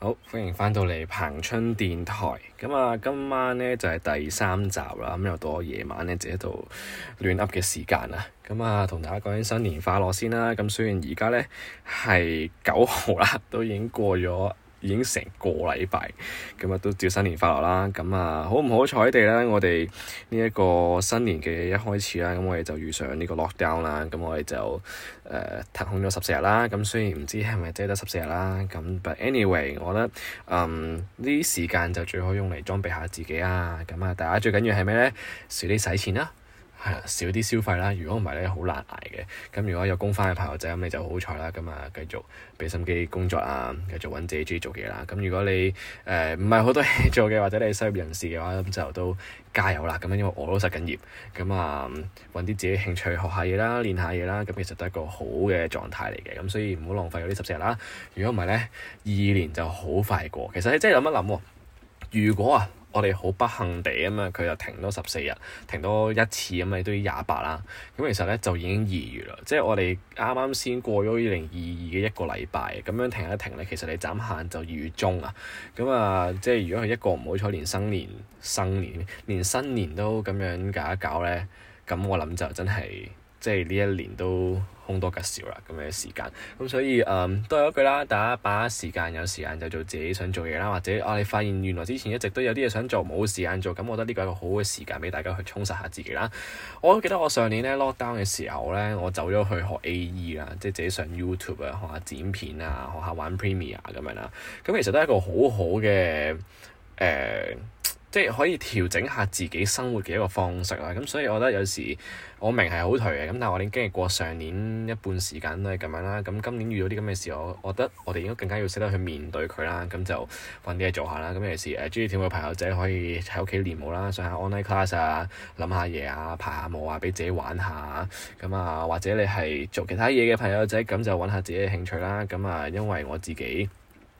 好，歡迎返到嚟彭春電台，咁啊今晚咧就係第三集啦，咁又到夜晚咧，就喺度亂噏嘅時間啦，咁啊同大家講聲新年快樂先啦，咁雖然而家咧係九號啦，都已經過咗。已經成個禮拜，咁啊都祝新年快樂啦！咁啊，好唔好彩地咧，我哋呢一個新年嘅一開始啦，咁我哋就遇上呢個 lockdown 啦，咁我哋就誒騰、呃、空咗十四日啦。咁雖然唔知係咪真得十四日啦，咁但係 anyway，我覺得嗯呢啲時間就最好用嚟裝備下自己啊！咁啊，大家最緊要係咩咧？少啲使錢啦～少啲消費啦。如果唔係咧，好難捱嘅。咁如果有工返嘅朋友仔，咁你就好彩啦。咁啊，繼續畀心機工作啊，繼續揾自己中意做嘅嘢啦。咁如果你唔係好多嘢做嘅，或者你係商業人士嘅話，咁就都加油啦。咁因為我都失緊業，咁啊揾啲自己興趣學下嘢啦，練下嘢啦。咁其實都係一個好嘅狀態嚟嘅。咁所以唔好浪費嗰啲十四日啦。如果唔係咧，二年就好快過。其實你真係諗一諗、啊，如果啊～我哋好不幸地吖嘛，佢又停多十四日，停多一次咁啊，都廿八啦。咁其實咧就已經二月啦，即係我哋啱啱先過咗二零二二嘅一個禮拜，咁樣停一停咧，其實你眨下就二月中啊。咁啊，即係如果係一個唔好彩，連新年、新年、連新年都咁樣搞一搞咧，咁我諗就真係～即係呢一年都空多吉少啦，咁嘅時間，咁所以誒，都、嗯、係一句啦，大家把握時間，有時間就做自己想做嘢啦，或者啊，你發現原來之前一直都有啲嘢想做，冇時間做，咁我覺得呢個係一個好嘅時間，俾大家去充實下自己啦。我都記得我上年咧 lockdown 嘅時候咧，我走咗去學 AE 啦，即係自己上 YouTube 啊，學下剪片啊，學下玩 Premiere 咁樣啦。咁其實都係一個好好嘅誒，即係可以調整下自己生活嘅一個方式啦。咁所以我覺得有時。我明係好頹嘅，咁但係我哋經歷過上年一半時間都係咁樣啦。咁今年遇到啲咁嘅事，我覺得我哋應該更加要識得去面對佢啦。咁就揾啲嘢做下啦。咁有時誒鍾意跳舞嘅朋友仔可以喺屋企練舞啦，上下 online class 啊，諗下嘢啊，排下舞啊，畀自己玩下。咁啊，或者你係做其他嘢嘅朋友仔，咁就揾下自己嘅興趣啦。咁啊，因為我自己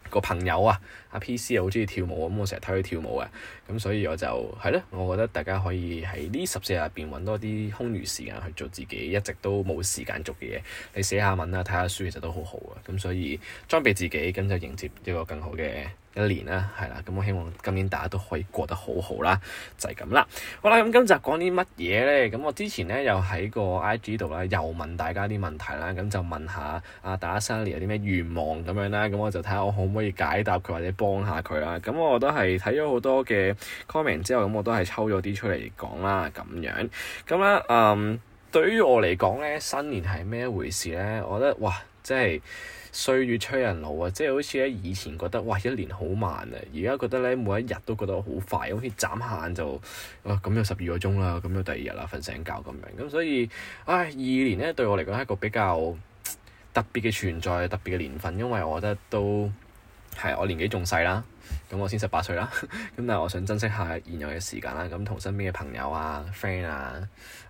個朋友啊。P.C. 又好中意跳舞，咁我成日睇佢跳舞嘅，咁所以我就係咧，我覺得大家可以喺呢十四日入邊揾多啲空餘時間去做自己一直都冇時間做嘅嘢，你寫下文啦，睇下書其實都好好嘅，咁所以裝備自己，跟住迎接一個更好嘅一年啦，係啦，咁我希望今年大家都可以過得好好啦，就係咁啦，好啦，咁今集講啲乜嘢呢？咁我之前呢又喺個 I.G. 度啦，又問大家啲問題啦，咁就問下阿大家新年有啲咩願望咁樣啦，咁我就睇下我可唔可以解答佢或者幫下佢啦，咁我都係睇咗好多嘅 comment 之後，咁我都係抽咗啲出嚟講啦，咁樣。咁咧，嗯，對於我嚟講咧，新年係咩回事咧？我覺得哇，即係歲月催人老啊！即係好似咧，以前覺得哇，一年好慢啊，而家覺得咧，每一日都覺得好快，好似眨下眼就哇，咁有十二個鐘啦，咁有第二日啦，瞓醒覺咁樣。咁所以，唉、哎，二年咧，對我嚟講係一個比較特別嘅存在，特別嘅年份，因為我覺得都係，我年紀仲細啦，咁我先十八歲啦，咁但係我想珍惜下現有嘅時間啦，咁同身邊嘅朋友啊、friend 啊、誒、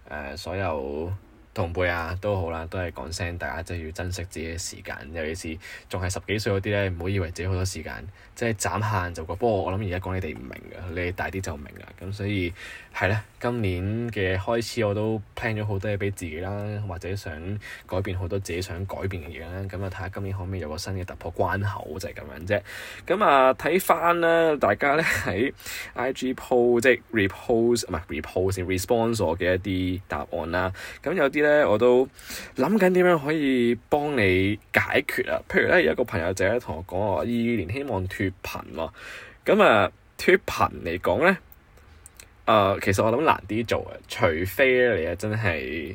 呃、所有同輩啊都好啦，都係講聲，大家真係要珍惜自己嘅時間，尤其是仲係十幾歲嗰啲咧，唔好以為自己好多時間。即係斬限就個，不過我諗而家講你哋唔明嘅，你哋大啲就明嘅，咁所以係咧。今年嘅開始我都 plan 咗好多嘢俾自己啦，或者想改變好多自己想改變嘅嘢啦。咁啊睇下今年可唔可以有個新嘅突破關口就係、是、咁樣啫。咁啊睇翻啦，大家咧喺 IG poll 即係 repose 唔係 repose 先 response 我嘅一啲答案啦。咁有啲咧我都諗緊點樣可以幫你解決啊。譬如咧有一個朋友仔咧同我講話，二年希望脱貧咯，咁啊脱貧嚟講咧，誒、嗯呃、其實我諗難啲做嘅，除非你啊真係，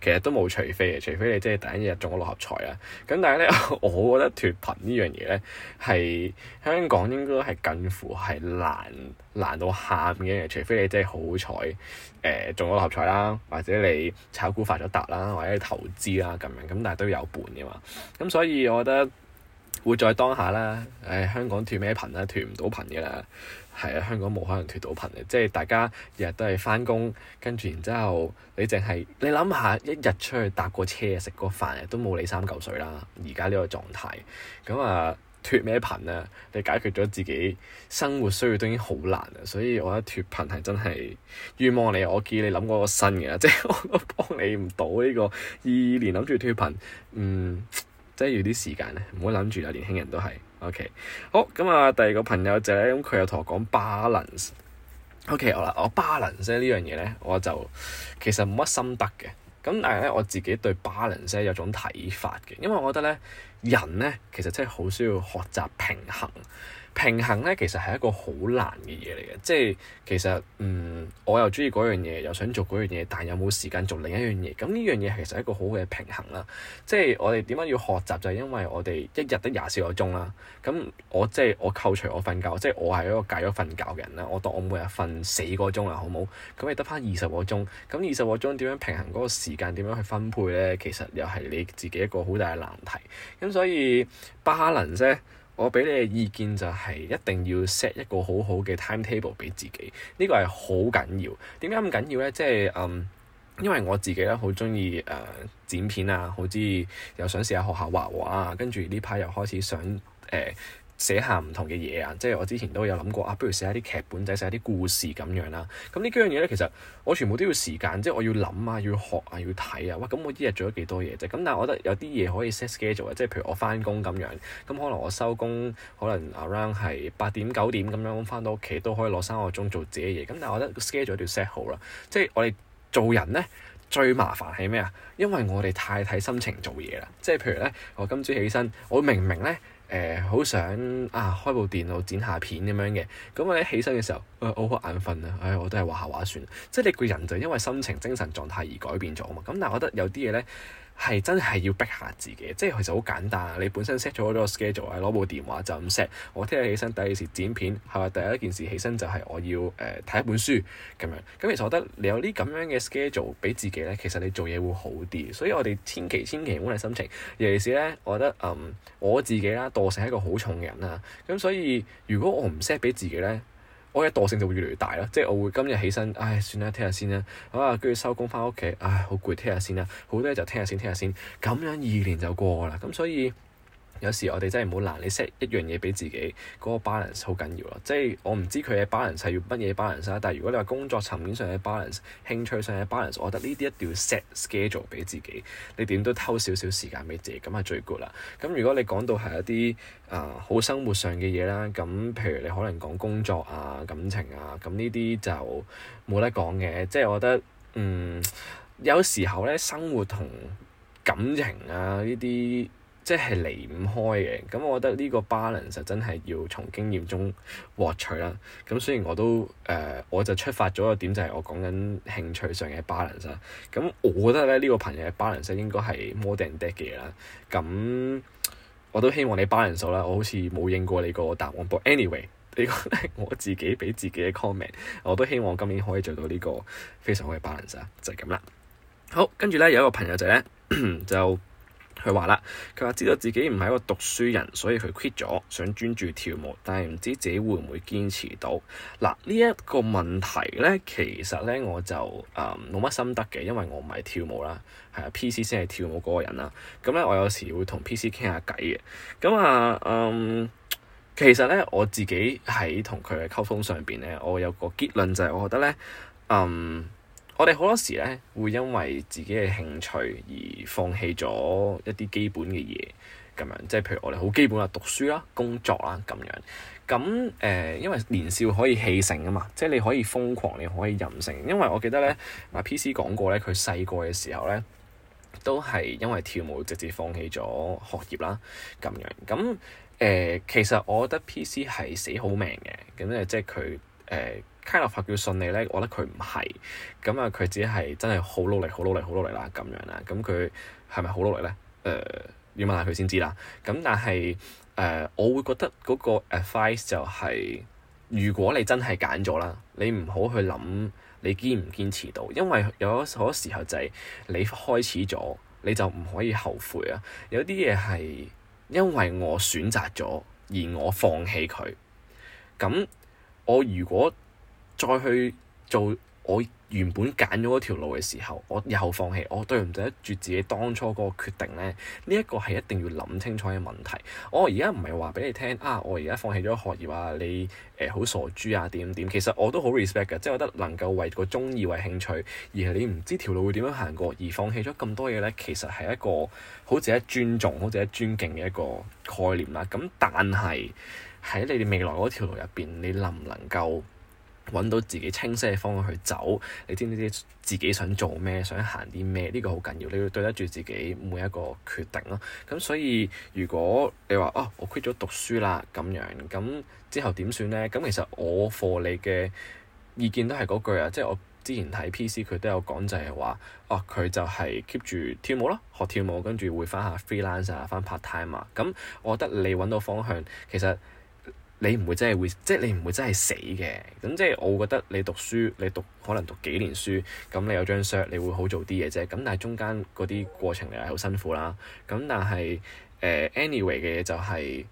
其實都冇除非嘅，除非你真係第一日中咗六合彩啊，咁但係咧，我覺得脱貧呢樣嘢咧係香港應該係近乎係難難到喊嘅，除非你真係好彩誒中咗六合彩啦，啊呃啊，或者你炒股發咗達啦，或者你投資啦咁樣，咁但係都有伴嘅嘛，咁所以我覺得。活在當下啦！唉，香港脫咩貧啊？脫唔到貧嘅啦，係啊，香港冇可能脫到貧嘅，即係大家日日都係翻工，跟住然之後你淨係你諗下一日出去搭個車食個飯都冇你三嚿水啦！而家呢個狀態咁啊，脫咩貧啊？你解決咗自己生活需要都已經好難啦，所以我覺得脫貧係真係願望你，我建議你諗個新嘅啦，即係我都幫你唔到呢個二二年諗住脫貧，嗯。即係要啲時間咧，唔好諗住啊！年輕人都係，OK，好咁啊。我第二個朋友就咧，咁佢又同我講 balance。OK，好啦，我 balance 呢樣嘢咧，我就其實冇乜心得嘅。咁但係咧，我自己對 balance 咧有種睇法嘅，因為我覺得咧，人咧其實真係好需要學習平衡。平衡咧，其實係一個好難嘅嘢嚟嘅，即係其實嗯，我又中意嗰樣嘢，又想做嗰樣嘢，但又冇時間做另一樣嘢。咁呢樣嘢係其實一個好嘅平衡啦。即係我哋點解要學習，就係因為我哋一日得廿四個鐘啦。咁我即係我扣除我瞓覺，即係我係一個戒咗瞓覺嘅人啦。我當我每日瞓四個鐘啦，好冇？咁你得翻二十個鐘。咁二十個鐘點樣平衡嗰個時間，點樣去分配咧，其實又係你自己一個好大嘅難題。咁所以 balance 咧。我畀你嘅意見就係一定要 set 一個好好嘅 timetable 俾自己，呢個係好緊要。點解咁緊要呢？即係，嗯，因為我自己咧好鍾意誒剪片啊，好鍾意又想試，試學下學下畫畫啊，跟住呢排又開始想誒。呃寫下唔同嘅嘢啊，即係我之前都有諗過啊，不如寫下啲劇本仔，寫下啲故事咁樣啦、啊。咁呢幾樣嘢咧，其實我全部都要時間，即係我要諗啊，要學啊，要睇啊。哇！咁我一日做咗幾多嘢啫、啊？咁但係我覺得有啲嘢可以 set schedule，以 set schedule set 啊，即係譬如我翻工咁樣，咁可能我收工可能 around 係八點九點咁樣翻到屋企，都可以攞三個鐘做自己嘅嘢。咁但係我覺得 schedule 一定要 set 好啦。即係我哋做人咧最麻煩係咩啊？因為我哋太睇心情做嘢啦。即係譬如咧，我今朝起身，我明明咧。好、呃、想啊開部電腦剪下片咁樣嘅，咁我一起身嘅時候，哎、我好眼瞓啊，誒、哎、我都係畫下畫算，即係你個人就因為心情、精神狀態而改變咗啊嘛，咁但係我覺得有啲嘢咧。係真係要逼下自己，即係其實好簡單啊！你本身 set 咗好多 schedule 啊，攞部電話就咁 set。我聽日起身第二件剪片，係咪第一件事起身就係我要誒睇、呃、一本書咁樣。咁其實我覺得你有啲咁樣嘅 schedule 俾自己咧，其實你做嘢會好啲。所以我哋千祈千祈唔好下心情，尤其是咧，我覺得嗯我自己啦，惰性係一個好重嘅人啊。咁所以如果我唔 set 俾自己咧。我嘅惰性就會越嚟越大咯，即係我會今日起身，唉，算啦，聽日先啦，好啦，跟住收工翻屋企，唉，好攰，聽日先啦，好多嘢就聽日先，聽日先，咁樣二年就過啦，咁所以。有時我哋真係冇難你 set 一樣嘢俾自己嗰個 balance 好緊要咯，即係我唔知佢嘅 balance 係要乜嘢 balance 啦。但係如果你話工作層面上嘅 balance、興趣上嘅 balance，我覺得呢啲一定要 set schedule 俾自己，你點都偷少少時間俾自己咁係最 good 啦。咁如果你講到係一啲啊、呃、好生活上嘅嘢啦，咁譬如你可能講工作啊、感情啊，咁呢啲就冇得講嘅。即係我覺得嗯有時候咧，生活同感情啊呢啲。即係離唔開嘅，咁我覺得呢個 balance 真係要從經驗中獲取啦。咁雖然我都誒、呃，我就出發咗一點就係我講緊興趣上嘅 balance 啊。咁我覺得咧呢、呢個朋友嘅 balance 應該係 more than that 嘅嘢啦。咁我都希望你 balance 到啦。我好似冇應過你個答案噃。anyway 呢個咧我自己畀自己嘅 comment，我都希望今年可以做到呢個非常好嘅 balance 啊，就係、係、咁啦。好，跟住咧有一個朋友就咧 就。佢話啦，佢話知道自己唔係一個讀書人，所以佢 quit 咗，想專注跳舞，但係唔知自己會唔會堅持到。嗱，呢、這、一個問題咧，其實咧我就誒冇乜心得嘅，因為我唔係跳舞啦，係啊，PC 先係跳舞嗰個人啦。咁咧，我有時會同 PC 傾下偈嘅。咁啊，嗯，其實咧我自己喺同佢嘅溝通上邊咧，我有個結論就係、是、我覺得咧，嗯。我哋好多時咧，會因為自己嘅興趣而放棄咗一啲基本嘅嘢，咁樣即係譬如我哋好基本啊，讀書啦、工作啦咁樣。咁誒、呃，因為年少可以氣盛啊嘛，即係你可以瘋狂，你可以任性。因為我記得咧，嗱，PC 講過咧，佢細個嘅時候咧，都係因為跳舞直接放棄咗學業啦，咁樣。咁誒、呃，其實我覺得 PC 係死好命嘅，咁咧即係佢誒。呃卡納佛叫信你咧，我覺得佢唔係咁啊。佢只係真係好努力、好努力、好努力啦，咁樣啦。咁佢係咪好努力咧？誒、呃，要問下佢先知啦。咁但係誒、呃，我會覺得嗰個誒 advice 就係、是，如果你真係揀咗啦，你唔好去諗你堅唔堅持到，因為有好多時候就係你開始咗你就唔可以後悔啊。有啲嘢係因為我選擇咗而我放棄佢，咁我如果。再去做我原本揀咗嗰條路嘅時候，我以後放棄，我對唔對得住自己當初嗰個決定咧？呢、呢、一個係一定要諗清楚嘅問題。我而家唔係話俾你聽啊！我而家放棄咗學業啊，你誒好、呃、傻豬啊？點點，其實我都好 respect 嘅，即係我覺得能夠為個中意為興趣，而係你唔知條路會點樣行過而放棄咗咁多嘢咧，其實係一個好值得尊重，好值得尊敬嘅一個概念啦。咁但係喺你哋未來嗰條路入邊，你能唔能夠。揾到自己清晰嘅方向去走，你知唔知自己想做咩，想行啲咩？呢個好緊要，你要對得住自己每一個決定咯。咁所以，如果你話哦，我 quit 咗讀書啦咁樣，咁之後點算呢？咁其實我課你嘅意見都係嗰句啊，即係我之前睇 PC 佢都有講，就係話哦，佢就係 keep 住跳舞咯，學跳舞，跟住會翻下 freelance 啊，翻 part time 啊。咁我覺得你揾到方向，其實～你唔會真係會，即係你唔會真係死嘅。咁即係我覺得你讀書，你讀可能讀幾年書，咁你有張相，你會好做啲嘢啫。咁但係中間嗰啲過程又係好辛苦啦。咁但係誒，anyway 嘅嘢就係。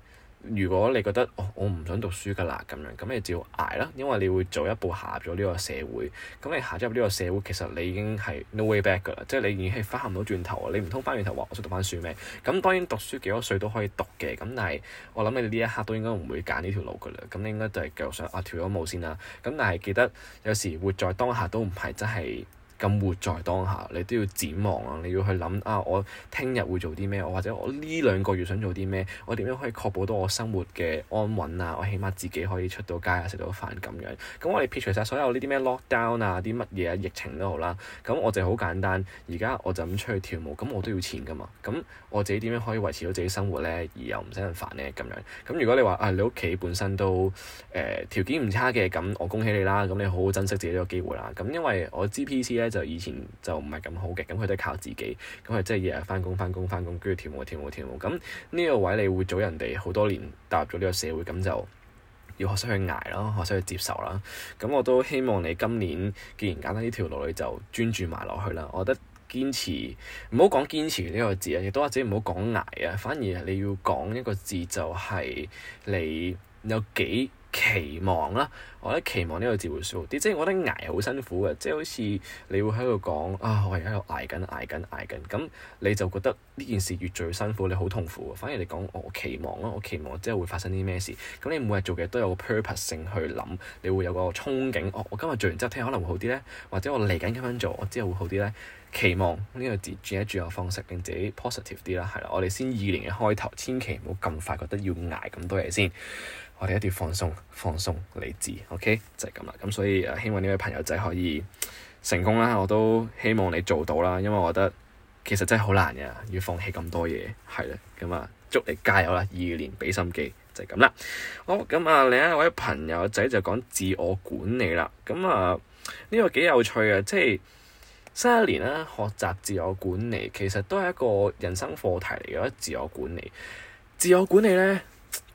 如果你覺得，哦，我唔想讀書㗎啦，咁樣，咁你就要捱啦，因為你會早一步下咗呢個社會。咁你下咗入呢個社會，其實你已經係 no way back 㗎啦，即係你已經係翻唔到轉頭，你唔通翻轉頭話我想讀翻書咩？咁當然讀書幾多歲都可以讀嘅，咁但係我諗你呢一刻都應該唔會揀呢條路㗎啦。咁你應該就係繼續上，啊，跳咗舞先啦。咁但係記得有時活在當下都唔係真係。咁活在當下，你都要展望啊！你要去諗啊，我聽日會做啲咩？我或者我呢兩個月想做啲咩？我點樣可以確保到我生活嘅安穩啊？我起碼自己可以出到街啊，食到飯咁樣，咁我哋撇除晒所有呢啲咩 lockdown 啊，啲乜嘢啊，疫情都好啦。咁我就好簡單，而家我就咁出去跳舞，咁我都要錢噶嘛。咁我自己點樣可以維持到自己生活咧，而又唔使人煩咧咁樣，咁如果你話啊，你屋企本身都誒條件唔差嘅，咁我恭喜你啦！咁你好好珍惜自己呢個機會啦。咁因為我 GPC 咧。就以前就唔係咁好嘅，咁佢都靠自己，咁佢即係日日翻工翻工翻工，跟住跳舞跳舞跳舞。咁呢個位你會早人哋好多年踏入咗呢個社會，咁就要學識去捱咯，學識去接受啦。咁我都希望你今年既然揀得呢條路，你就專注埋落去啦。我覺得堅持，唔好講堅持呢個字啊，亦都或者唔好講捱啊，反而你要講一個字就係你有幾。期望啦、啊，我覺得期望呢個字會舒服啲，即係我覺得捱好辛苦嘅，即係好似你會喺度講啊，我而家喺度捱緊捱緊捱緊，咁你就覺得呢件事越做越辛苦，你好痛苦。反而你講我期望啦，我期望即係會發生啲咩事，咁你每日做嘅都有個 purpose 性去諗，你會有個憧憬。哦，我今日做完之後聽可能會好啲咧，或者我嚟緊咁樣做，我之後會好啲咧。期望呢個字轉一轉個方式，令自己 positive 啲啦。係啦，我哋先二年嘅開頭，千祈唔好咁快覺得要捱咁多嘢先。我哋一定要放鬆，放鬆理智，OK，就係咁啦。咁所以誒、啊，希望呢位朋友仔可以成功啦。我都希望你做到啦，因為我覺得其實真係好難嘅，要放棄咁多嘢，係啦。咁、嗯、啊，祝你加油啦！二年俾心機，就係、係、咁啦。好，咁啊，另一位朋友仔就講自我管理啦。咁啊，呢、呢個幾有趣嘅，即係新一年啦、啊，學習自我管理其實都係一個人生課題嚟嘅。自我管理，自我管理咧。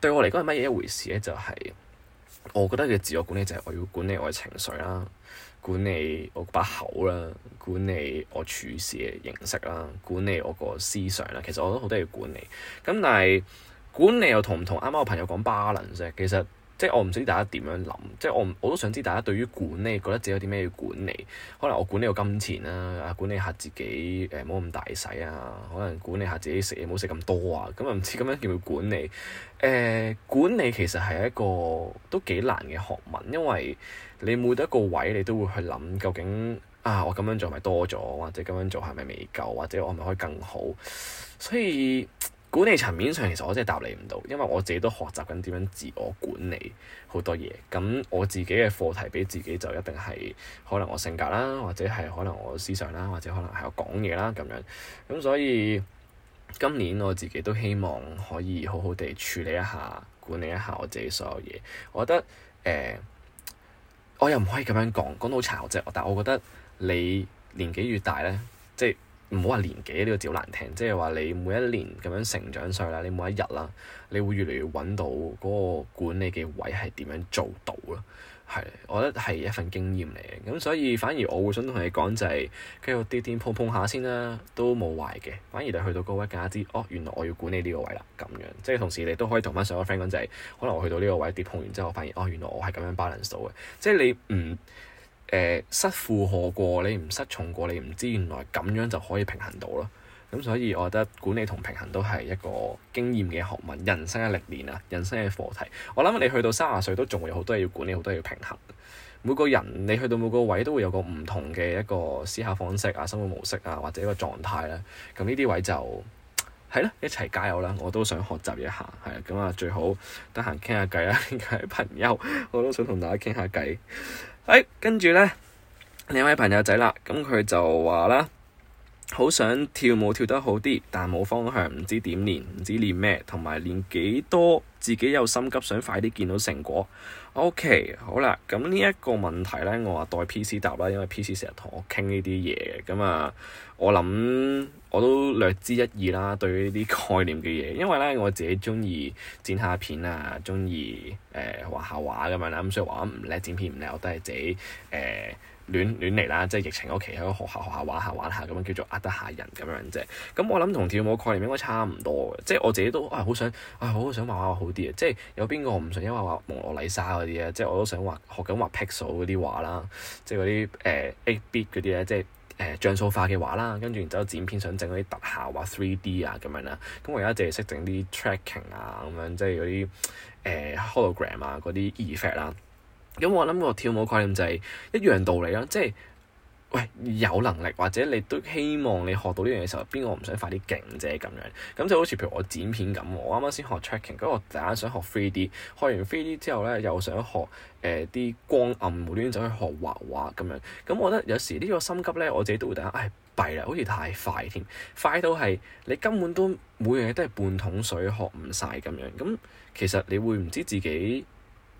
對我嚟講係乜嘢一回事咧？就係我覺得嘅自我管理就係我要管理我嘅情緒啦，管理我把口啦，管理我處事嘅形式啦，管理我個思想啦。其實我都好多嘢要管理，咁但係管理又同唔同啱啱我朋友講巴倫啫。其實。即係我唔識大家點樣諗，即係我我都想知大家對於管理覺得自己有啲咩要管理。可能我管理個金錢啦，啊，管理下自己誒冇咁大使啊，可能管理下自己食嘢冇食咁多啊。咁又唔知咁樣叫唔叫管理？誒、呃、管理其實係一個都幾難嘅學問，因為你每一個位你都會去諗究竟啊我咁樣做係咪多咗，或者咁樣做係咪未夠，或者我咪可以更好。所以管理層面上，其實我真係答你唔到，因為我自己都學習緊點樣自我管理好多嘢。咁我自己嘅課題俾自己就一定係可能我性格啦，或者係可能我思想啦，或者可能係我講嘢啦咁樣。咁所以今年我自己都希望可以好好地處理一下、管理一下我自己所有嘢。我覺得誒、呃，我又唔可以咁樣講，講到好殘啫。但我覺得你年紀越大咧，即係。唔好話年紀呢個字好難聽，即係話你每一年咁樣成長上啦，你每一日啦，你會越嚟越揾到嗰個管理嘅位係點樣做到咯。係，我覺得係一份經驗嚟嘅。咁所以反而我會想同你講就係，繼續跌跌碰碰下先啦，都冇壞嘅。反而你去到嗰位更加知，哦原來我要管理呢個位啦，咁樣。即係同時你都可以同翻上個 friend 講就係，可能我去到呢個位跌碰完之後，我發現哦原來我係咁樣 balance 到嘅。即係你唔。呃、失負荷過，你唔失重過，你唔知原來咁樣就可以平衡到咯。咁所以，我覺得管理同平衡都係一個經驗嘅學問，人生嘅歷練啊，人生嘅課題。我諗你去到三十歲都仲會有好多嘢要管理，好多嘢要平衡。每個人你去到每個位都會有個唔同嘅一個思考方式啊，生活模式啊，或者一個狀態咧。咁呢啲位就係啦，一齊加油啦！我都想學習一下，係啊，咁啊最好得閒傾下偈啦，傾下啲朋友，我都想同大家傾下偈。跟住呢，另一位朋友仔啦，咁佢就話啦，好想跳舞跳得好啲，但冇方向，唔知點練，唔知練咩，同埋練幾多，自己又心急，想快啲見到成果。OK，好啦，咁呢一個問題咧，我話代 P C 答啦，因為 P C 成日同我傾呢啲嘢，咁啊，我諗我都略知一二啦，對於呢啲概念嘅嘢，因為咧我自己鍾意剪下片啊，鍾意誒畫下畫咁樣啦，咁所以畫唔叻，剪片唔叻，我都係自己誒。呃亂亂嚟啦，即係疫情嗰期喺學校學校玩下玩下咁樣叫做呃得下人咁樣啫。咁我諗同跳舞概念應該差唔多嘅，即係我自己都係好、哎、想啊，好、哎、想畫畫好啲啊。即係有邊個唔想因為我畫蒙洛麗莎嗰啲咧，即係我都想畫學緊畫 pixel 嗰啲畫啦，即係嗰啲誒 8bit 嗰啲咧，即係誒、呃、像素化嘅畫啦。跟住然之後剪片想整嗰啲特效畫 3D 啊咁樣啦。咁我而家淨係識整啲 tracking 啊咁樣，即係嗰啲誒、呃、hologram 啊嗰啲 effect 啦、啊。咁我諗個跳舞概念就係一樣道理啦，即係喂有能力或者你都希望你學到呢樣嘢時候，邊個唔想快啲勁啫咁樣？咁就好似譬如我剪片咁，我啱啱先學 tracking，跟住我突然間想學 three D，學完 three D 之後咧又想學誒啲光暗，無端端走去學畫畫咁樣。咁我覺得有時呢個心急咧，我自己都會突然間唉弊啦，好似太快添，快到係你根本都每樣嘢都係半桶水學唔晒咁樣。咁其實你會唔知自己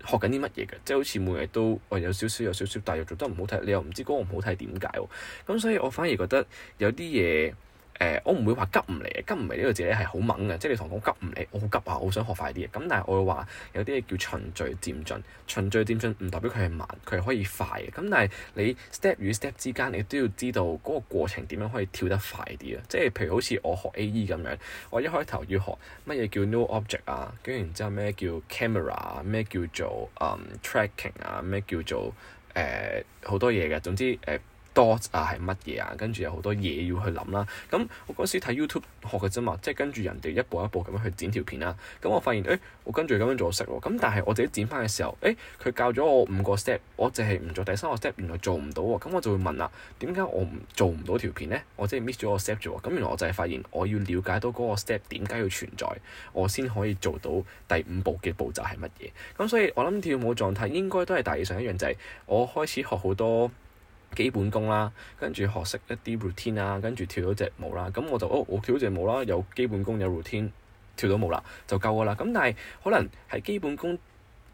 學緊啲乜嘢㗎？即係好似每日都哦，有少少有少少，但係又做得唔好睇，你又唔知嗰個唔好睇點解喎？咁所以我反而覺得有啲嘢。誒、呃，我唔會話急唔嚟嘅，急唔嚟呢個字咧係好猛嘅，即係你同我講急唔嚟，我好急啊，我好想學快啲嘅。咁但係我會話有啲嘢叫循序漸進，循序漸進唔代表佢係慢，佢係可以快嘅。咁但係你 step 與 step 之間，你都要知道嗰個過程點樣可以跳得快啲啊！即係譬如好似我學 AE 咁樣，我一開頭要學乜嘢叫 new object 啊，跟然之後咩叫 camera，啊，咩叫做、um, tracking 啊，咩叫做誒、呃、好多嘢嘅，總之誒。呃多啊係乜嘢啊？跟住有好多嘢要去諗啦。咁我嗰時睇 YouTube 學嘅啫嘛，即係跟住人哋一步一步咁樣去剪條片啦。咁、嗯、我發現，誒、欸、我跟住咁樣做識喎。咁、嗯、但係我自己剪翻嘅時候，誒、欸、佢教咗我五個 step，我淨係唔做第三個 step，原來做唔到喎。咁、嗯、我就會問啦，點解我唔做唔到條片呢？我即係 miss 咗個 step 住喎。咁原來我就係發現，我要了解到嗰個 step 點解要存在，我先可以做到第五步嘅步驟係乜嘢。咁所以我諗跳舞狀態應該都係大致上一樣就係、是、我開始學好多。基本功啦，跟住學識一啲 routine 啊，跟住跳咗隻舞啦，咁我就哦，我跳咗隻舞啦，有基本功，有 routine，跳到舞啦就夠啦咁，但係可能喺基本功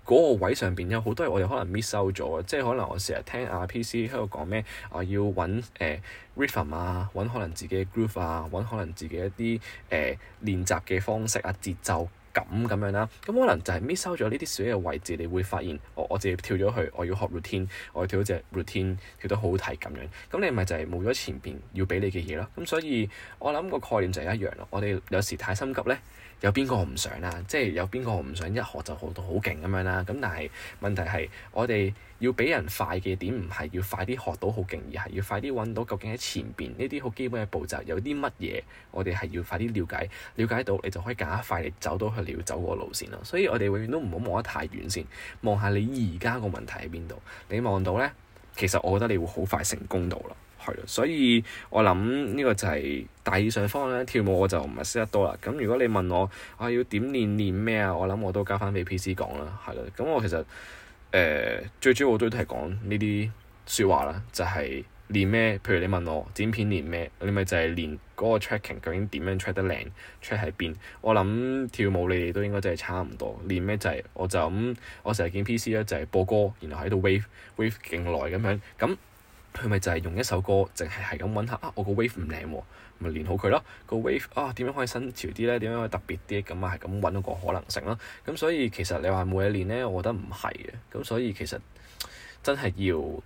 嗰個位上面有好多嘢我哋可能 miss out 咗，即係可能我成日聽啊 PC 喺度講咩啊要揾誒、呃、rhythm 啊，揾可能自己嘅 groove 啊，揾可能自己一啲誒、呃、練習嘅方式啊節奏。咁咁樣啦，咁可能就係 miss 收咗呢啲小嘅位置，你會發現我我自己跳咗去，我要學 routine，我要跳隻 routine 跳得好睇咁樣，咁你咪就係冇咗前邊要俾你嘅嘢咯。咁所以，我諗個概念就係一樣咯。我哋有時太心急咧。有邊個唔想啦？即係有邊個唔想一學就學到好勁咁樣啦？咁但係問題係，我哋要畀人快嘅點，唔係要快啲學到好勁，而係要快啲揾到究竟喺前邊呢啲好基本嘅步驟有啲乜嘢，我哋係要快啲了解，了解到你就可以更加快嚟走到去，你要走個路線咯。所以我哋永遠都唔好望得太遠先，望下你而家個問題喺邊度，你望到咧，其實我覺得你會好快成功到啦。係，所以我諗呢個就係大意上方咧。跳舞我就唔係識得多啦。咁如果你問我，我要點練練咩啊？我諗我都交翻俾 PC 講啦。係啦，咁我其實誒、呃、最主要我都係講呢啲説話啦，就係、是、練咩。譬如你問我剪片練咩，你咪就係、是、練嗰個 tracking 究竟點樣 track 得靚，track 喺邊。我諗跳舞你哋都應該真係差唔多。練咩就係、是、我就咁，我成日見 PC 咧就係播歌，然後喺度 wave wave 勁耐咁樣咁。佢咪就係用一首歌，淨係係咁揾下啊！我個 wave 唔靚喎，咪練好佢咯。個 wave 啊，點樣可以新潮啲咧？點樣可以特別啲咁啊？係咁揾嗰個可能性咯。咁所以其實你話每一年咧，我覺得唔係嘅。咁所以其實真係要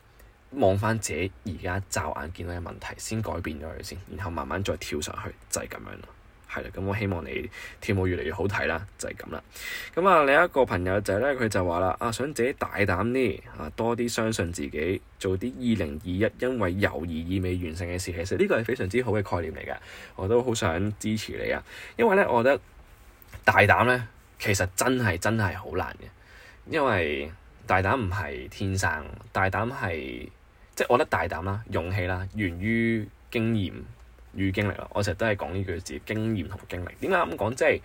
望翻自己而家驟眼見到嘅問題，先改變咗佢先，然後慢慢再跳上去，就係咁樣啦。係啦，咁我希望你跳舞越嚟越好睇啦，就係咁啦。咁啊，另一個朋友仔呢就係咧，佢就話啦，啊想自己大膽啲，啊多啲相信自己，做啲二零二一因為猶疑而未完成嘅事。其實呢個係非常之好嘅概念嚟嘅，我都好想支持你啊。因為咧，我覺得大膽咧，其實真係真係好難嘅，因為大膽唔係天生，大膽係即係我覺得大膽啦、勇氣啦，源於經驗。經歷啦，我成日都係講呢句字經驗同經歷。點解咁講？即係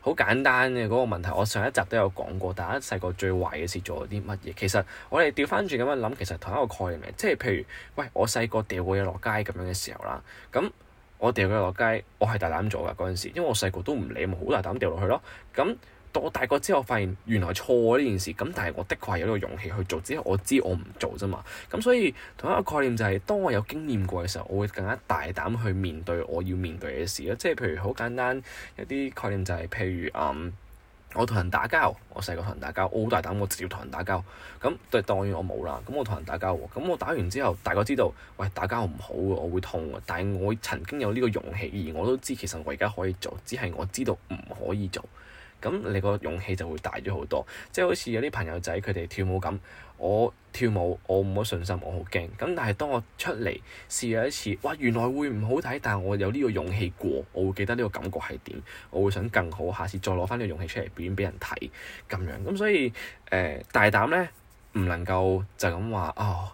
好簡單嘅嗰個問題。我上一集都有講過，大家細個最壞嘅事做咗啲乜嘢？其實我哋調翻轉咁樣諗，其實同一個概念。即係譬如，喂，我細個掉嘢落街咁樣嘅時候啦，咁我掉個嘢落街，我係大膽做㗎嗰陣時，因為我細個都唔理，咪好大膽掉落去咯。咁到我大個之後，發現原來錯呢件事咁，但係我的確係有呢個勇氣去做，只係我知我唔做啫嘛。咁所以同一個概念就係，當我有經驗過嘅時候，我會更加大膽去面對我要面對嘅事咯。即係譬如好簡單一啲概念就係，譬如嗯，我同人打交，我細個同人打交，我好大膽，我直接同人打交。咁但係當然我冇啦，咁我同人打交，咁我打完之後，大家知道，喂，打交唔好嘅，我會痛嘅。但係我曾經有呢個勇氣，而我都知其實我而家可以做，只係我知道唔可以做。咁你個勇氣就會大咗好多，即係好似有啲朋友仔佢哋跳舞咁，我跳舞我冇乜信心，我好驚。咁但係當我出嚟試咗一次，哇，原來會唔好睇，但係我有呢個勇氣過，我會記得呢個感覺係點，我會想更好，下次再攞翻呢個勇氣出嚟表演畀人睇。咁樣咁所以誒、呃、大膽呢，唔能夠就咁話啊，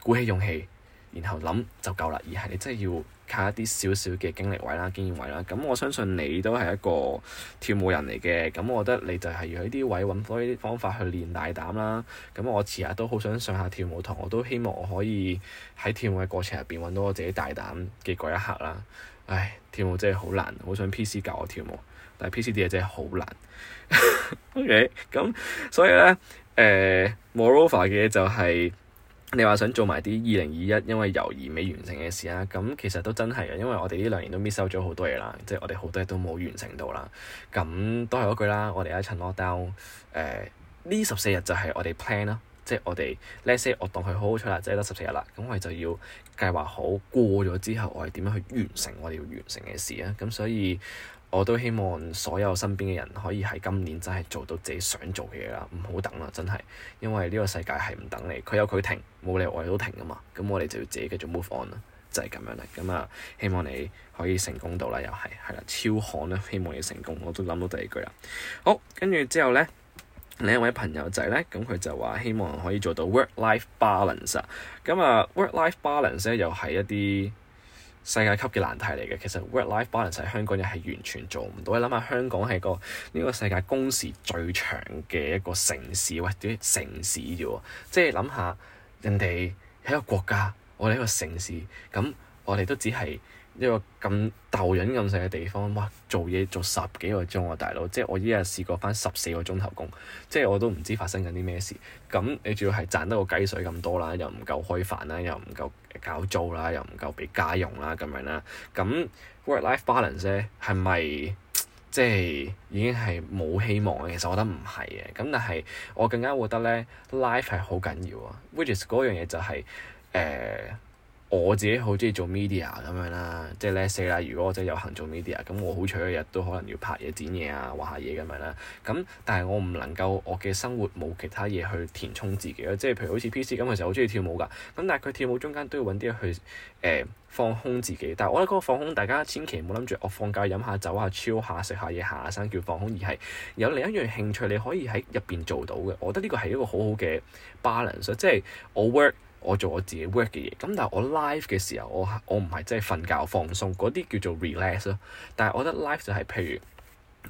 鼓起勇氣，然後諗就夠啦，而係你真係要。靠一啲少少嘅經歷位啦、經驗位啦，咁我相信你都係一個跳舞人嚟嘅，咁我覺得你就係要喺啲位揾多啲方法去練大膽啦。咁我遲下都好想上下跳舞堂，我都希望我可以喺跳舞嘅過程入邊揾到我自己大膽嘅嗰一刻啦。唉，跳舞真係好難，好想 PC 教我跳舞，但係 PC 啲嘢真係好難。 OK，咁所以呢誒、呃、，Moreover 嘅就係、是、～你話想做埋啲二零二一，因為由而未完成嘅事啊，咁其實都真係啊，因為我哋呢兩年都 miss 咗好多嘢啦，即、就、係、是、我哋好多嘢都冇完成到啦。咁都係嗰句啦，我哋一寸落刀。誒，呢十四日就係我哋 plan 啦，即係我哋 let’s say 我當佢好好出啦，即係得十四日啦。咁我哋就要計劃好過咗之後，我哋點樣去完成我哋要完成嘅事啊。咁所以。我都希望所有身邊嘅人可以喺今年真係做到自己想做嘅嘢啦，唔好等啦，真係，因為呢個世界係唔等你，佢有佢停，冇理由我哋都停噶嘛，咁我哋就要自己繼續 move on 啦，就係、是、咁樣啦，咁啊，希望你可以成功到啦，又係，係啦，超悍啦，希望你成功，我都諗到第二句啦，好，跟住之後咧，另一位朋友仔係咧，咁佢就話希望可以做到 work life balance 啊，咁啊 work life balance 咧又係一啲。世界級嘅難題嚟嘅，其實 work life balance 係香港人係完全做唔到。你諗下，香港係個呢、呢個世界工時最長嘅一個城市或者城市啫喎，即係諗下人哋係一個國家，我哋係一個城市咁，我哋都只係。一個咁豆人咁細嘅地方，哇！做嘢做十幾個鐘啊，大佬！即係我一日試過返十四個鐘頭工，即係我都唔知發生緊啲咩事。咁你主要係賺得個雞水咁多啦，又唔夠開飯啦，又唔夠交租啦，又唔夠俾家用啦，咁樣啦。咁 work-life balance 咧係咪即係已經係冇希望咧？其實我覺得唔係嘅。咁但係我更加覺得咧，life 係好緊要啊。which 嗰樣嘢就係、是、誒。呃我自己好中意做 media 咁樣啦，即係叻死啦！如果我真係有行做 Media 咁我好彩一日都可能要拍嘢、剪嘢啊、畫下嘢咁樣啦。咁但係我唔能夠，我嘅生活冇其他嘢去填充自己咯。即係譬如好似 PC 咁嘅時候，好中意跳舞噶。咁但係佢跳舞中間都要揾啲嘢去誒、呃、放空自己。但係我覺得個放空大家千祈唔好諗住我放假飲下酒啊、超下、食下嘢、下，下山叫放空，而係有另一樣興趣你可以喺入邊做到嘅。我覺得呢個係一個好好嘅 balance，即係我 work。我做我自己 work 嘅嘢，咁但係我 life 嘅時候，我我唔係真係瞓覺放鬆嗰啲叫做 relax 咯。但係我覺得 life 就係、是、譬如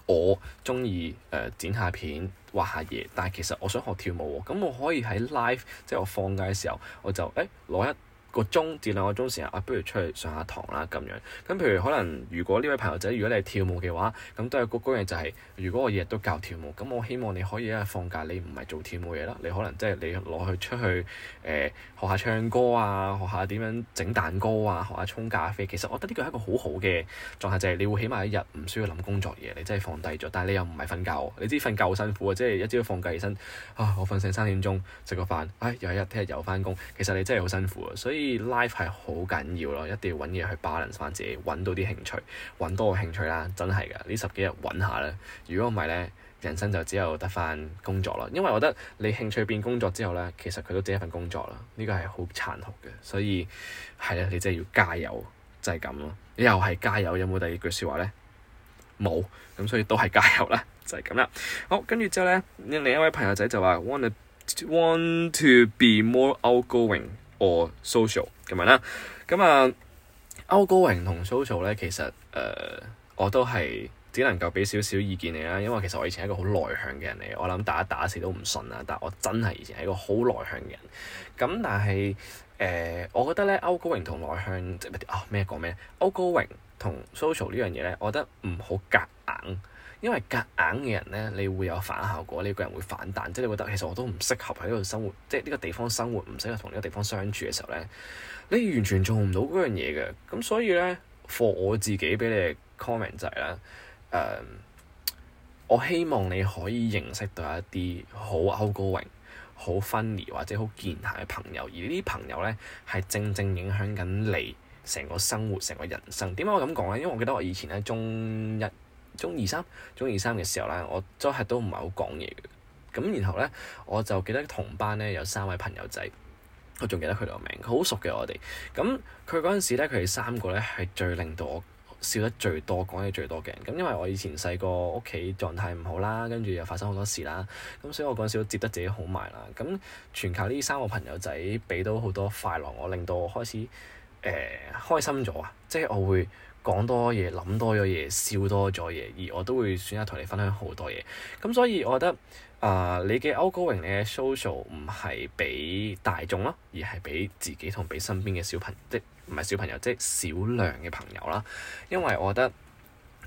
我中意誒剪片下片畫下嘢，但係其實我想學跳舞，咁我可以喺 life 即係我放假嘅時候，我就誒，攞、欸、一。個鐘至兩個鐘時間，啊，不如出去上下堂啦咁樣。咁譬如可能，如果呢位朋友仔，如果你係跳舞嘅話，咁都係嗰嗰人。就係，如果我日日都教跳舞，咁我希望你可以一日放假，你唔係做跳舞嘢啦，你可能即係你攞去出去誒學下唱歌啊，學下點樣整蛋糕啊，學下沖咖啡。其實我覺得呢個係一個好好嘅狀態，就係你會起碼一日唔需要諗工作嘢，你真係放低咗。但係你又唔係瞓覺，你知瞓覺好辛苦嘅，即係一朝要放假起身，啊，我瞓醒三點鐘，食個飯，唉，又係日，聽日又翻工。其實你真係好辛苦啊，所以。所以 life 係好緊要咯，一定要揾嘢去 balance 翻自己，揾到啲興趣，揾多個興趣啦，真係噶呢十幾日揾下啦。如果唔係呢，人生就只有得翻工作啦。因為我覺得你興趣變工作之後呢，其實佢都只係一份工作啦，呢個係好殘酷嘅。所以係啊，你真係要加油，真係咁咯。你又係加油，有冇第二句說話呢？冇咁，所以都係加油啦，就係咁啦。好，跟住之後呢，另一位朋友仔就話：want want to be more outgoing。o social 咁樣啦，咁啊歐高榮同 social 咧，其實誒、呃、我都係只能夠俾少少意見你啦，因為其實我以前係一個好內向嘅人嚟，我諗大家打死都唔信啊，但我真係以前係一個好內向嘅人。咁但係誒、呃，我覺得咧歐高榮同內向啊咩講咩？歐高榮同、啊、social 呢樣嘢咧，我覺得唔好夾硬。因為夾硬嘅人呢，你會有反效果，你個人會反彈，即係你會覺得其實我都唔適合喺呢度生活，即係呢個地方生活唔適合同呢個地方相處嘅時候呢，你完全做唔到嗰樣嘢嘅。咁所以呢 for 我自己畀你 comment 就係、是、啦，誒、uh，我希望你可以認識到一啲好 outgoing、好 funny 或者好健談嘅朋友，而呢啲朋友呢，係正正影響緊你成個生活、成個人生。點解我咁講呢？因為我記得我以前喺中一，中二三，中二三嘅時候咧，我周係都唔係好講嘢嘅。咁然後咧，我就記得同班咧有三位朋友仔，我仲記得佢哋個名，佢好熟嘅我哋。咁佢嗰陣時咧，佢哋三個咧係最令到我笑得最多、講嘢最多嘅人。咁因為我以前細個屋企狀態唔好啦，跟住又發生好多事啦，咁所以我嗰陣時都接得自己好埋啦。咁全靠呢三個朋友仔，俾到好多快樂，我令到我開始誒、呃、開心咗啊！即係我會。講多嘢，諗多咗嘢，笑多咗嘢，而我都會選擇同你分享好多嘢。咁所以，我覺得啊、呃，你嘅歐高榮，你嘅 social 唔係俾大眾咯，而係俾自己同俾身邊嘅小朋，即唔係小朋友，即係少量嘅朋友啦。因為我覺得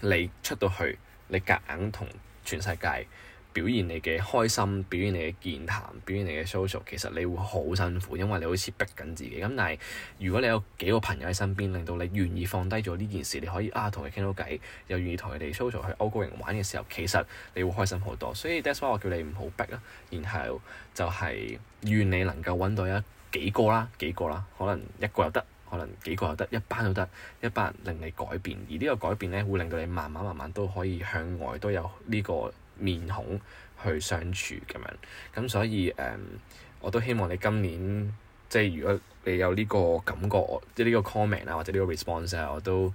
你出到去，你夾硬同全世界。表現你嘅開心，表現你嘅健談，表現你嘅 social，其實你會好辛苦，因為你好似逼緊自己咁。但係如果你有幾個朋友喺身邊，令到你願意放低咗呢件事，你可以啊同佢傾到偈，又願意同佢哋 social 去歐高人玩嘅時候，其實你會開心好多。所以 that's why 我叫你唔好逼啦，然後就係願你能夠揾到一幾個啦，幾個啦，可能一個又得，可能幾個又得，一班都得，一班人令你改變。而呢個改變呢，會令到你慢慢慢慢都可以向外都有呢個面孔去相處咁樣，咁所以誒，um, 我都希望你今年，即係如果你有呢個感覺，我即係呢個 comment 啊，或者呢個 response 啊，我都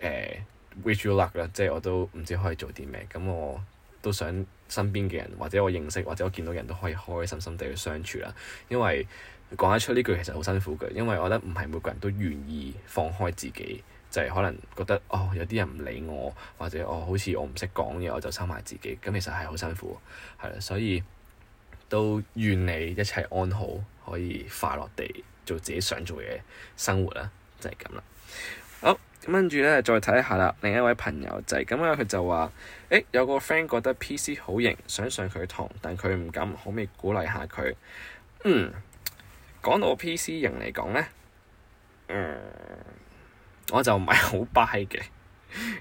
誒、uh, wish you luck 啦、啊，即係我都唔知可以做啲咩，咁我都想身邊嘅人或者我認識或者我見到人都可以開開心心噉去相處啦、啊，因為講得出呢句其實好辛苦嘅，因為我覺得唔係每個人都願意放開自己。就係可能覺得哦，有啲人唔理我，或者哦，好似我唔識講嘢，我就收埋自己。咁其實係好辛苦，係啦，所以都願你一切安好，可以快樂地做自己想做嘅生活啦，就係咁啦。好，咁跟住咧，再睇下啦。另一位朋友仔就係咁樣，佢就話，誒有個 friend 覺得 PC 好型，想上佢堂，但佢唔敢，可唔可以鼓勵下佢？嗯，講到 PC 型嚟講咧，嗯。我就唔係好 buy 嘅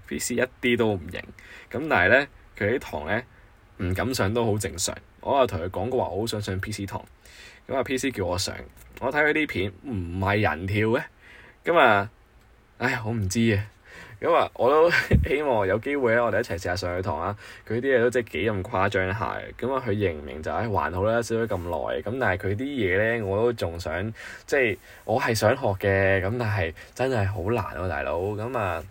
，PC 一啲都唔型，咁但係咧佢啲堂咧唔敢上都好正常，我啊同佢講過話，我好想上 PC 堂，咁啊 PC 叫我上，我睇佢啲片唔係人跳嘅，咁啊，唉、哎、我唔知啊。咁啊，我都希望有機會咧，我哋一齊試下上去堂啊。佢啲嘢都真係幾咁誇張下。咁啊，佢認唔認就係、是哎、還好啦，少咗咁耐。咁但係佢啲嘢咧，我都仲想即係我係想學嘅。咁但係真係好難啊，大佬。咁啊，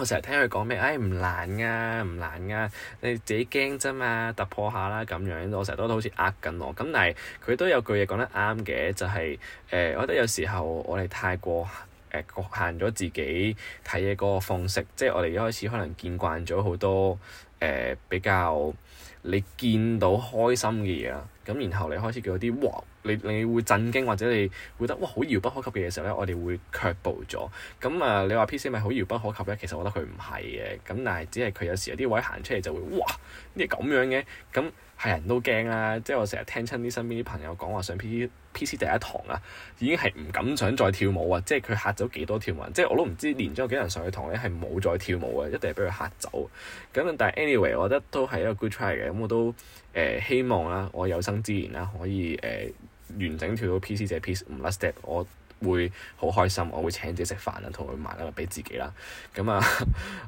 我成日聽佢講咩？唉、哎，唔難啊，唔難啊，你自己驚啫嘛，突破下啦咁樣。我成日都好似呃緊我。咁但係佢都有句嘢講得啱嘅，就係、是、誒、呃，我覺得有時候我哋太過。誒侷限咗自己睇嘢嗰個方式，即係我哋一開始可能見慣咗好多誒、呃、比較你見到開心嘅嘢啦，咁然後你開始叫到啲哇，你你會震驚或者你會覺得哇好遙不可及嘅嘢時候咧，我哋會卻步咗。咁啊，你話 PC 咪好遙不可及咧？其實我覺得佢唔係嘅。咁但係只係佢有時有啲位行出嚟就會哇，呢係咁樣嘅咁。係人都驚啦、啊，即係我成日聽親啲身邊啲朋友講話上 P C 第一堂啊，已經係唔敢想再跳舞啊！即係佢嚇走幾多條文，即係我都唔知連咗幾多人上去堂咧係冇再跳舞啊，一定係俾佢嚇走。咁但係 anyway，我覺得都係一個 good try 嘅，咁我都誒、呃、希望啦、啊，我有生之年啦、啊、可以誒、呃、完整跳到 P C 這 piece 唔 last step，我會好開心，我會請自己食飯啊，同佢買禮物俾自己啦。咁啊，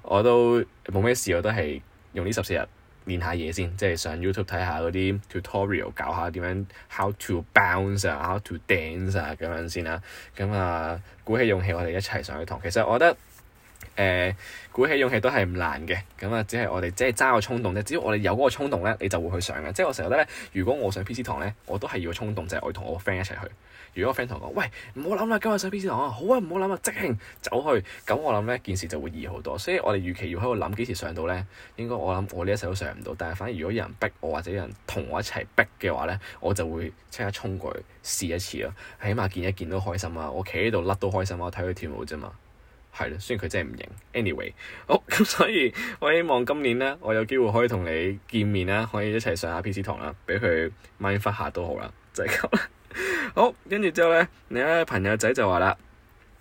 我都冇咩事，我都係用呢十四日。練下嘢先，即係上 YouTube 睇下嗰啲 tutorial，搞下點樣 how to bounce 啊，how to dance 啊咁樣先啦。咁啊，鼓起勇氣，我哋一齊上去堂。其實我覺得。誒、呃，鼓起勇氣都係唔難嘅，咁、嗯、啊，只係我哋即係揸個衝動啫。只要我哋有嗰個衝動咧，你就會去上嘅。即係我成日覺得咧，如果我上 P.C. 堂咧，我都係要個衝動，就係、是、我要同我個 friend 一齊去。如果個 friend 同我講，喂，唔好諗啦，今日上 P.C. 堂啊，好啊，唔好諗啊，即興走去。咁我諗呢件事就會易好多。所以我哋預期要喺度諗幾時上到咧，應該我諗我呢一世都上唔到。但係反而如果有人逼我，或者有人同我一齊逼嘅話咧，我就會即刻衝過去試一次咯、啊。起碼見一見都開心啊！我企喺度甩都開心啊！睇佢跳舞啫嘛～係咯，雖然佢真係唔認，anyway，好，咁，所以我希望今年咧，我有機會可以同你見面啦，可以一齊上一下 P.C. 堂啦，畀佢 mind f u 發下都好啦，就係咁啦。 好，跟住之後咧，你咧朋友仔就話啦。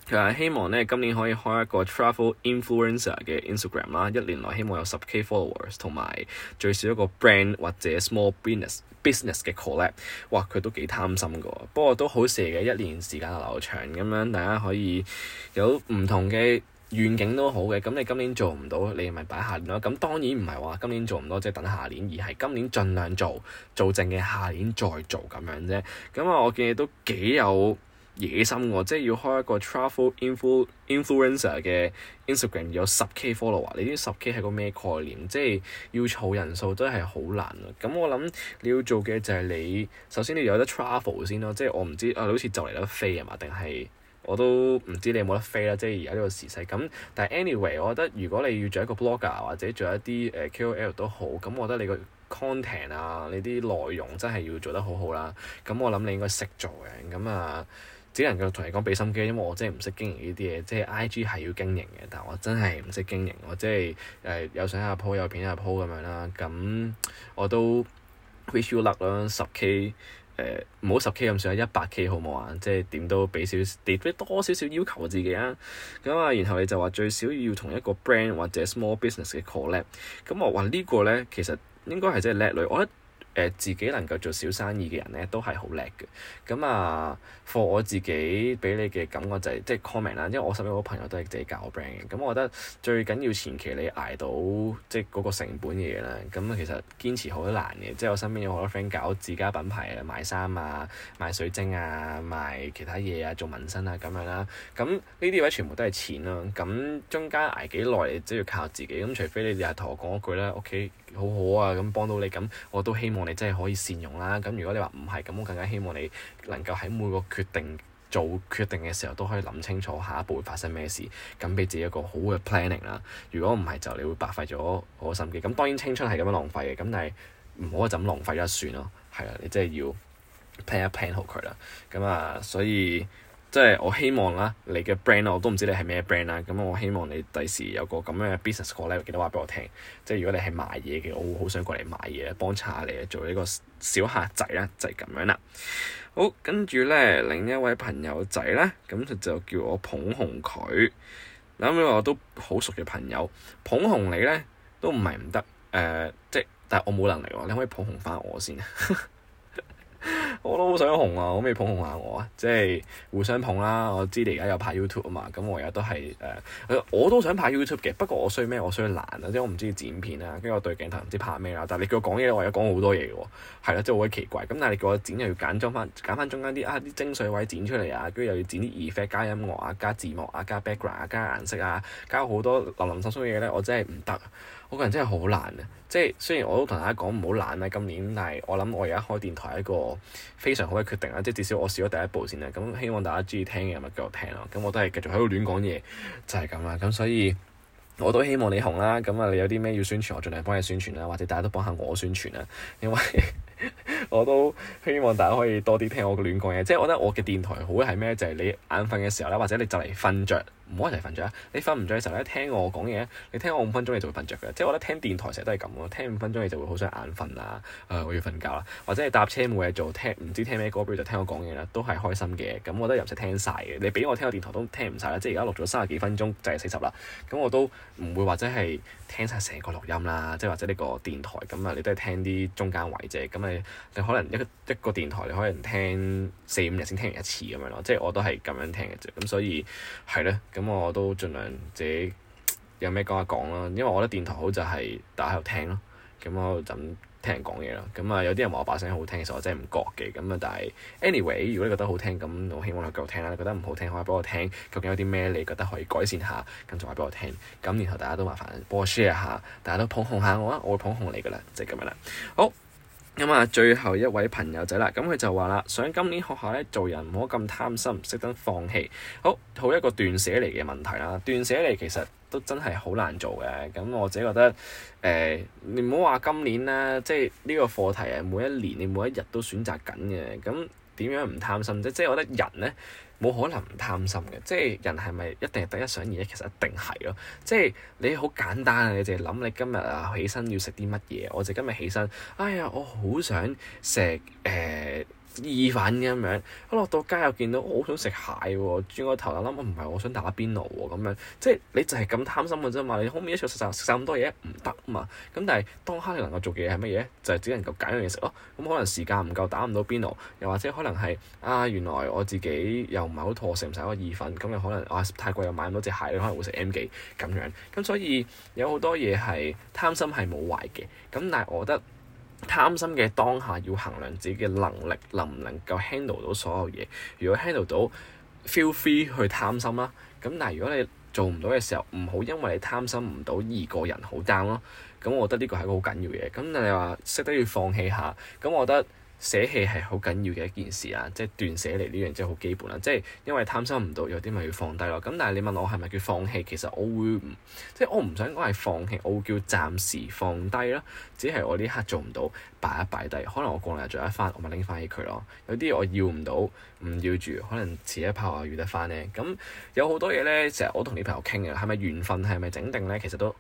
其實希望咧，今年可以開一個 travel influencer 嘅 Instagram 啦，一年內希望有十 k followers，同埋最少一個 brand 或者 small business business 嘅 collect。哇，佢都幾貪心㗎，不過都好蛇嘅，一年時間流長咁樣，大家可以有唔同嘅願景都好嘅。咁你今年做唔到，你咪擺下年咯。咁當然唔係話今年做唔到，即係等下年，而係今年盡量做，做淨嘅下，下年再做咁樣啫。咁啊，我見你都幾有～野心喎，即係要開一個 travel influ, influencer 嘅 Instagram 有十 K follower，你知十 K 係個咩概念？即係要儲人數都係好難啊。咁我諗你要做嘅就係你首先你要有得 travel 先咯，即係我唔知啊，你好似就嚟得飛係嘛？定係我都唔知你有冇得飛啦。即係而家呢個時勢咁，但係 anyway，我覺得如果你要做一個 blogger 或者做一啲誒 KOL 都好，咁我覺得你個 content 啊，你啲內容真係要做得好好啦。咁我諗你應該識做嘅，咁啊。只能夠同你講俾心機，因為我真係唔識經營呢啲嘢，即係 I G 係要經營嘅，但係我真係唔識經營，我即係誒有上下 po 有片下 po 咁樣啦。咁我都 wish you luck 啦、呃，十 k 誒唔好十 k 咁少，一百 k 好冇啊！即係點都俾少啲多少少要求我自己啊。咁啊，然後你就話最少要同一個 brand 或者 small business 嘅 collab。咁我話呢個咧，其實應該係真係叻女，我一。呃、自己能夠做小生意嘅人呢，都係好叻嘅。咁啊，for 我自己畀你嘅感覺就係、是，即係 comment 啦。因為我身邊好多朋友都係自己搞 brand 嘅。咁我覺得最緊要前期你捱到，即係嗰個成本嘢啦。咁其實堅持好難嘅。即係我身邊有好多 friend 搞自家品牌買啊，賣衫啊，賣水晶啊，賣其他嘢啊，做紋身啊咁樣啦、啊。咁呢啲位全部都係錢咯、啊。咁中間捱幾耐，你都要靠自己。咁除非你日同我講一句咧，OK。好好啊，咁幫到你咁，我都希望你真係可以善用啦。咁如果你話唔係，咁我更加希望你能夠喺每個決定做決定嘅時候都可以諗清楚下一步會發生咩事，咁俾自己一個好嘅 planning 啦。如果唔係就你會白費咗我心機。咁當然青春係咁樣浪費嘅，咁但係唔好一陣浪費咗算咯。係啊，你真係要 plan 一 plan 好佢啦。咁啊，所以。即係我希望啦，你嘅 brand 我都唔知你係咩 brand 啦。咁我希望你第時有個咁樣嘅 business 過咧，記得話畀我聽。即係如果你係賣嘢嘅，我會好想過嚟買嘢，幫襯下你啊，做呢個小客仔啦，就係、是、咁樣啦。好，跟住咧另一位朋友仔咧，咁佢就叫我捧紅佢。諗起我都好熟嘅朋友，捧紅你咧都唔係唔得。誒、呃，即係但係我冇能力喎，你可以捧紅翻我先。 我都好想紅啊！可唔可以捧紅下我啊？即係互相捧啦、啊。我知你而家有拍 YouTube 啊嘛，咁我而家都係誒、呃，我都想拍 YouTube 嘅。不過我需要咩？我需要難啊！即係我唔知要剪片啊，跟住我對鏡頭唔知拍咩啦、啊。但係你叫我講嘢，我而家講好多嘢嘅喎，係啦，即係好鬼奇怪。咁但係你叫我剪又要揀中翻揀翻中間啲啊啲精髓位剪出嚟啊，跟住又要剪啲 effect 加音樂啊加字幕啊加 background 啊加顏、啊、色啊加好多林林濕濕嘢咧，我真係唔得。我個人真係好懶啊！即係雖然我都同大家講唔好懶啊，今年，但係我諗我而家開電台一個非常好嘅決定啊！即係至少我試咗第一步先啦。咁希望大家鍾意聽嘅咪繼續聽咯。咁我都係繼續喺度亂講嘢，就係咁啦。咁所以我都希望你紅啦。咁啊，你有啲咩要宣傳，我盡量幫你宣傳啦，或者大家都幫下我宣傳啦。因為 我都希望大家可以多啲聽我嘅亂講嘢。即係我覺得我嘅電台好咧係咩？就係、係、你眼瞓嘅時候咧，或者你就嚟瞓着。唔好一齊瞓着啊！你瞓唔着嘅時候咧，你聽我講嘢，你聽我五分鐘你就會瞓着嘅，即係我覺得聽電台成日都係咁咯，聽五分鐘你就會好想眼瞓啊！誒、呃，我要瞓覺啦，或者你搭車冇嘢做，聽唔知聽咩歌，不如就聽我講嘢啦，都係開心嘅。咁我都又唔使聽晒嘅，你俾我聽個電台都聽唔晒啦。即係而家錄咗三十幾分鐘，就係、是、四十啦。咁我都唔會話真係聽晒成個錄音啦，即係或者呢個電台咁啊，你都係聽啲中間位啫。咁你，你可能一個一個電台，你可能聽四五日先聽完一次咁樣咯。即係我都係咁樣聽嘅啫。咁所以係咧。咁我都盡量自己有咩講一講啦，因為我覺得電台好就係大家喺度聽咯，咁我就咁聽人講嘢啦。咁啊有啲人話我把聲好聽，其實我真係唔覺嘅。咁啊但係 anyway，如果你覺得好聽，咁我希望你繼續聽啦；你覺得唔好聽，可以畀我聽，究竟有啲咩你覺得可以改善下，跟住話畀我聽。咁然後大家都麻煩幫我 share 下，大家都捧紅下我啊，我會捧紅你噶啦，就係咁樣啦。好。咁啊，最後一位朋友仔啦，咁佢就話啦，想今年學校咧，做人唔好咁貪心，識得放棄。好，好一個斷捨離嘅問題啦，斷捨離其實都真係好難做嘅。咁我自己覺得，誒、呃，你唔好話今年咧，即係呢個課題係，每一年你每一日都選擇緊嘅。咁點樣唔貪心啫？即係我覺得人呢。冇可能唔貪心嘅，即係人係咪一定係得一想二？其實一定係咯，即係你好簡單啊，你就係諗你今日啊，起身要食啲乜嘢，我就今日起身，哎呀，我好想食誒。呃意粉咁樣，一落到街又見到我好想食蟹喎，啊，轉個頭又諗唔係我想打邊爐喎，咁樣即係你就係咁貪心嘅啫嘛，你可唔可以一齊食曬，食曬咁多嘢唔得嘛，咁但係當刻你能夠做嘅嘢係乜嘢就係、是、只能夠揀樣嘢食咯，咁、啊、可能時間唔夠打唔到邊爐，又或者可能係啊原來我自己又唔係好妥食唔晒嗰意粉，咁你可能啊太貴又買唔到隻蟹，你可能會食 M 記咁樣，咁、啊、所以有好多嘢係貪心係冇壞嘅，咁但係我覺得。貪心嘅當下要衡量自己嘅能力，能唔能夠 handle 到所有嘢？如果 handle 到，feel free 去貪心啦。咁但係如果你做唔到嘅時候，唔好因為你貪心唔到而個人好 down 咯。咁我覺得呢個係一個好緊要嘅嘢。咁你話識得要放棄下，咁我覺得。捨棄係好緊要嘅一件事啦，即係斷捨離呢樣真係好基本啦。即係因為貪心唔到，有啲咪要放低咯。咁但係你問我係咪叫放棄？其實我會唔，即係我唔想講係放棄，我會叫暫時放低啦。只係我呢刻做唔到，擺一擺低。可能我過嚟又做一翻，我咪拎翻起佢咯。有啲嘢我要唔到，唔要住，可能遲一拍我遇得翻呢。咁有好多嘢呢，成日我同啲朋友傾嘅，係咪緣分，係咪整定呢？其實都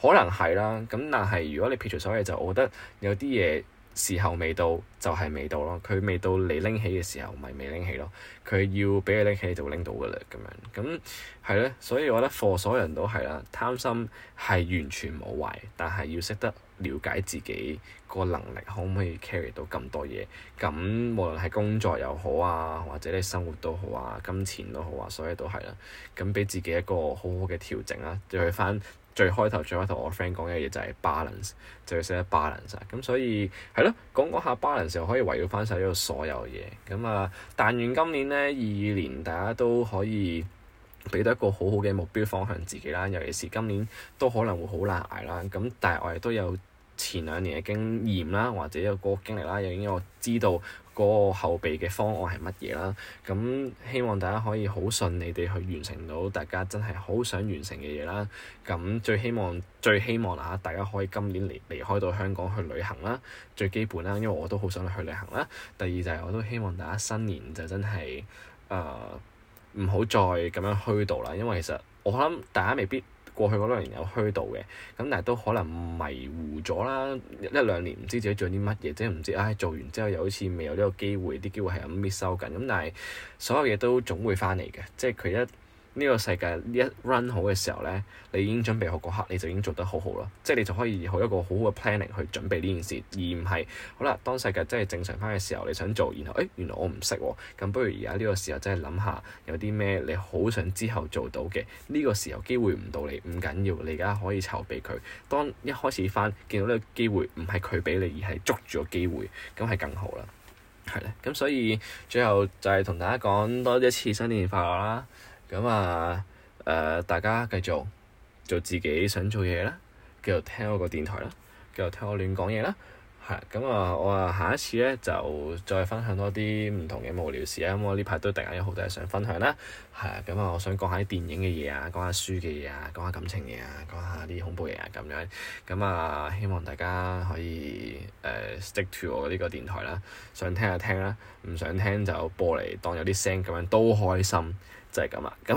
可能係啦。咁但係如果你撇除所有嘢，就我覺得有啲嘢。時候未到就係、是、未到咯，佢未到你拎起嘅時候，咪、就是、未拎起咯。佢要畀你拎起就拎到噶啦咁樣，咁係咯。所以我覺得 for 所有人都係啦，貪心係完全冇壞，但係要識得了解自己個能力可唔可以 carry 到咁多嘢。咁無論係工作又好啊，或者你生活都好啊，金錢都好啊，所以都係啦。咁畀自己一個好好嘅調整啦，對佢翻。最開頭最開頭，我 friend 講嘅嘢就係 balance，就要識得 balance。咁所以係咯，講講下 balance 又可以圍繞翻晒呢個所有嘢。咁啊，但願今年咧二二年，大家都可以俾到一個好好嘅目標方向自己啦。尤其是今年都可能會好難捱啦。咁但係我哋都有前兩年嘅經驗啦，或者有個經歷啦，又已經我知道。嗰個後備嘅方案係乜嘢啦？咁希望大家可以好順利地去完成到大家真係好想完成嘅嘢啦。咁最希望最希望嗱、啊，大家可以今年離離開到香港去旅行啦。最基本啦，因為我都好想去旅行啦。第二就係我都希望大家新年就真係誒唔好再咁樣虛度啦，因為其實我諗大家未必。過去嗰兩年有虛度嘅，咁但係都可能迷糊咗啦，一兩年唔知自己做啲乜嘢，即係唔知，唉，做完之後又好似未有呢個機會，啲機會係咁 miss 咗緊，咁但係所有嘢都總會翻嚟嘅，即係佢一。呢個世界呢一 run 好嘅時候呢，你已經準備好嗰刻，你就已經做得好好啦。即係你就可以好一個好好嘅 planning 去準備呢件事，而唔係好啦。當世界真係正常翻嘅時候，你想做，然後誒原來我唔識喎。咁不如而家呢個時候真係諗下有啲咩你好想之後做到嘅。呢個時候機會唔到你，唔緊要，你而家可以籌備佢。當一開始翻見到呢個機會，唔係佢俾你，而係捉住個機會，咁係更好啦。係啦，咁所以最後就係同大家講多一次新年快樂啦～咁啊，誒、呃，大家繼續做自己想做嘢啦，繼續聽我個電台啦，繼續聽我亂講嘢啦，係咁啊！我啊，下一次咧就再分享多啲唔同嘅無聊事啊。咁、嗯、我呢排都突然間有好多嘢想分享啦，係咁啊，我想講下啲電影嘅嘢啊，講下書嘅嘢啊，講下感情嘢啊，講下啲恐怖嘢啊，咁樣咁啊，希望大家可以誒、呃、stick to 我呢個電台啦，想聽就聽啦，唔想聽就播嚟當有啲聲咁樣都開心。就係咁啦，咁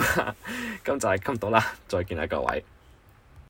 咁就係咁多啦，再見啦，各位。